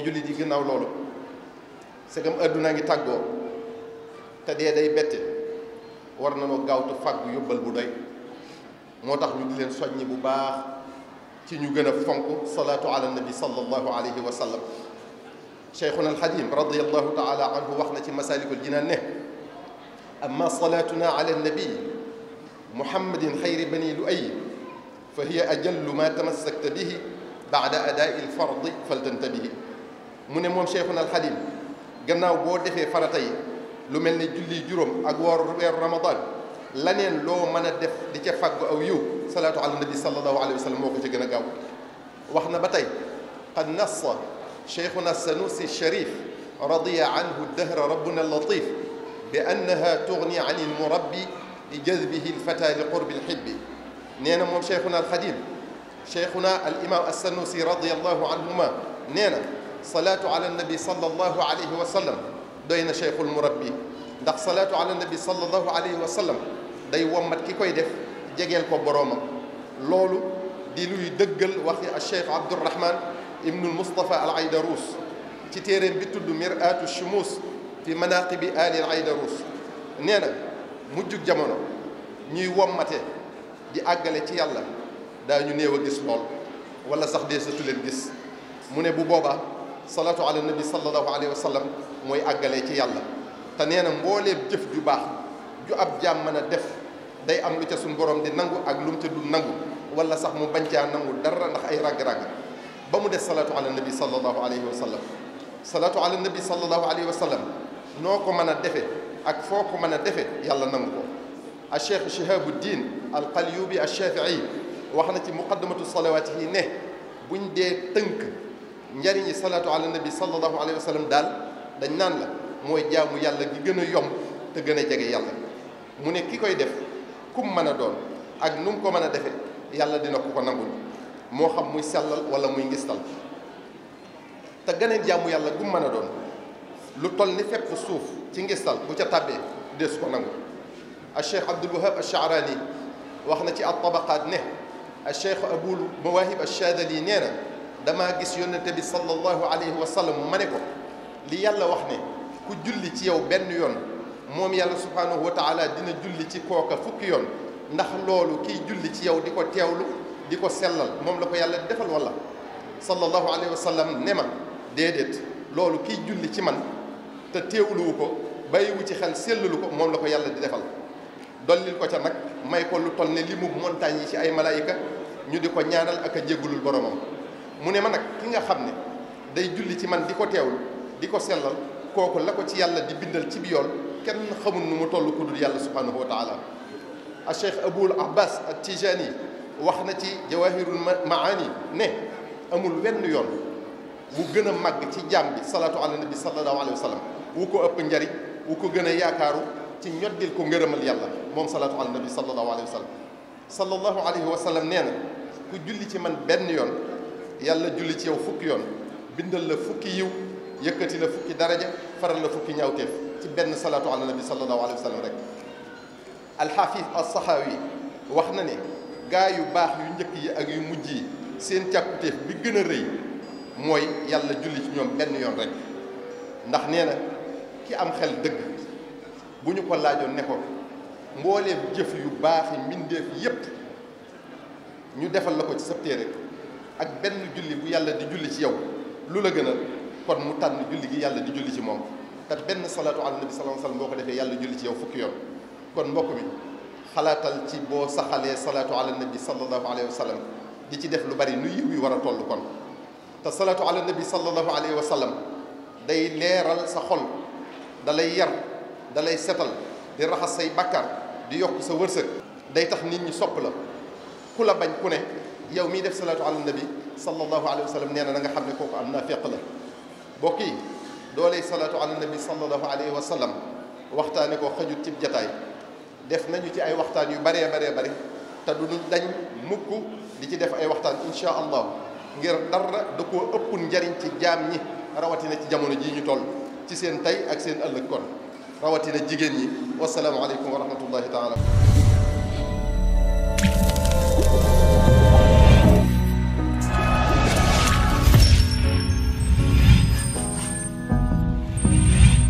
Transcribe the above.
mbokki jullit yi ginnaaw loolu segam àdduna ngi tàggoo te dee day bette war nañoo gaawtu fàggu yóbbal bu doy moo tax ñu di leen soññi bu baax ci ñu gën a fonk salaatu ala nabi sallallahu alayhi wa sallam cheikhuna alxadim radiallahu taala anhu wax na ci masalikul jinaan ne amma salaatuna ala nabi muhammadin xayri bani lu ay fa hiya ajallu ma tamassakta bihi baada adaai alfardi faltantabihi mu ne moom Cheikhuna al Xadim gannaaw boo defee farata yi lu mel ne julli juróom ak woor weeru ramadan laneen loo mën a def di ca fàggu aw yiw salaatu ala nabi sallallahu alayhi wa sallam moo ko ci gën a gaaw wax na ba tey qad nassa Cheikhuna Sanusi Sharif radiya anhu dahra rabbuna latif bi annaha tugni an il murabbi bi jazbihi lfata li qurbi lxibbi nee na moom Cheikhuna al Xadim Cheikhuna al imam as-Sanusi radiyallahu anhuma nee na salaatu ala nabi sallallahu alayhi wa sallam doy na cheikhul murabbi ndax salaatu ala nabi sallallahu alayhi wa sallam day wommat ki koy def jegeel ko boroomam loolu di luy dëggal waxi al cheikh abdourahman ibnul mustapha al aydarous ci téeréem bi tudd miratu shumus fi manaqibi ali al aydarous nee na mujjug jamono ñuy wommate di àggale ci yàlla daañu néew a gis lool wala sax dee satu leen gis mu ne bu boobaa salaatu ala nabi sallallahu alayhi wa sallam mooy àggalee ci yàlla te nee na mbooleem jëf ju baax ju ab jaam mën def day am lu ca suñu borom di nangu ak lu mu ca dul nangu wala sax mu bañ caa nangu dara ndax ay ràgg-ràgg ba mu des salaatu ala nabi sallallahu alayhi wa sallam salaatu ala nabi sallallahu alayhi wa sallam noo ko mën a defe ak foo ko mën a defe yàlla nangu ko a cheikh shihabuddin alqalyubi alshafii wax na ci muqaddamatu salawaat yi ne buñ dee tënk njariñ njariñi salaatu ala nabi sallallahu alayhi wa sallam daal dañ naan la mooy jaamu yàlla gi gën a yomb te gën a jege yàlla mu ne ki koy def kum mën a doon ak nu mu ko mën a defe yàlla dina ko ko nangul moo xam muy sellal wala muy ngistal te gën a jaamu yàlla gum mën a doon lu toll ni fépp suuf ci ngistal bu ca tàbbee des ko nangul a cheikh abdul wahab ash-sha'rani wax na ci at tabaqaat ne a cheikh abul mawahib ash nee na damaa gis yónnente bi sallallahu alayhi wa sallam ma ne ko li yàlla wax ne ku julli ci yow benn yoon moom yàlla subhaanahu wa taala dina julli ci kooka fukki yoon ndax loolu kiy julli ci yow di ko teewlu di ko sellal moom la ko yàlla defal wala sallallahu alayhi wa sallam ne ma déedéet loolu kiy julli ci man te teewluwu ko bàyyiwu ci xel sellalu ko moom la ko yàlla di defal dollil ko ca nag may ko lu toll ne li mu montagne yi ci ay malaayika ñu di ko ñaanal ak a jéggulul boromam mu ne ma nag ki nga xam ne day julli ci man di ko teewul di ko sellal kooku la ko ci yàlla di bindal ci bi yool kenn xamul nu mu toll ku dul yàlla subhanahu wa taala a cheikh aboul abbas at tijani wax na ci jawahirul maani ne amul wenn yoon bu gën a màgg ci jaam bi salaatu ala nabi sallallahu alayhi wa sallam wu ko ëpp njariñ wu ko gën a yaakaaru ci ñoddil ko ngërëmal yàlla moom salaatu ala nabi sallallahu alayhi wa sallam sallallahu alayhi wa nee na ku ci man benn yoon yàlla julli ci yow fukki yoon bindal la fukki yiw yëkkati la fukki daraja faral la fukki ñaawteef ci benn salaatu ala nabi sallallahu alayhi wa sallam rek alxaafis alsaxaawi wax na ne gaa yu baax yu njëkk yi ak yu mujj yi seen càkkutéef bi gën a rëy mooy yàlla julli ci ñoom benn yoon rek ndax nee na ki am xel dëgg bu ñu ko laajoon ne ko mbooleem jëf yu baax yi mbindeef yépp ñu defal la ko ci sa téere ak benn julli bu yàlla di julli ci yow lu la gën a kon mu tànn julli gi yàlla di julli ci moom te benn salaatu ala nabi sallallahu alayhi wasallam boo ko defee yàlla julli ci yow fukki yoon kon mbokk mi xalaatal ci boo saxalee salaatu ala nabi sallallahu alayhi wasallam di ci def lu bari nu yiw yi war a toll kon te salaatu ala nabi sallallahu alayhi wasallam day leeral sa xol da lay yar da lay setal di raxas say bàkkaar di yokk sa wërsëg day tax nit ñi sopp la ku la bañ ku ne yow miy def salaatu ala nabi sallallahu alayhi wa sallam nee na da nga xam ne kooku am naa féq la bokk yi dooley salaatu ala nabi sallallahu alayhi wa sallam waxtaane ko xajut cib jataay def nañu ci ay waxtaan yu baree baree bari te du dañ mukk di ci def ay waxtaan insha allah ngir dara da koo ëpp njariñ ci jaam ñi rawatina ci jamono jii ñu toll ci seen tey ak seen ëllëg kon rawatina jigéen ñi wasalaamu aleykum wa rahmatullahi taala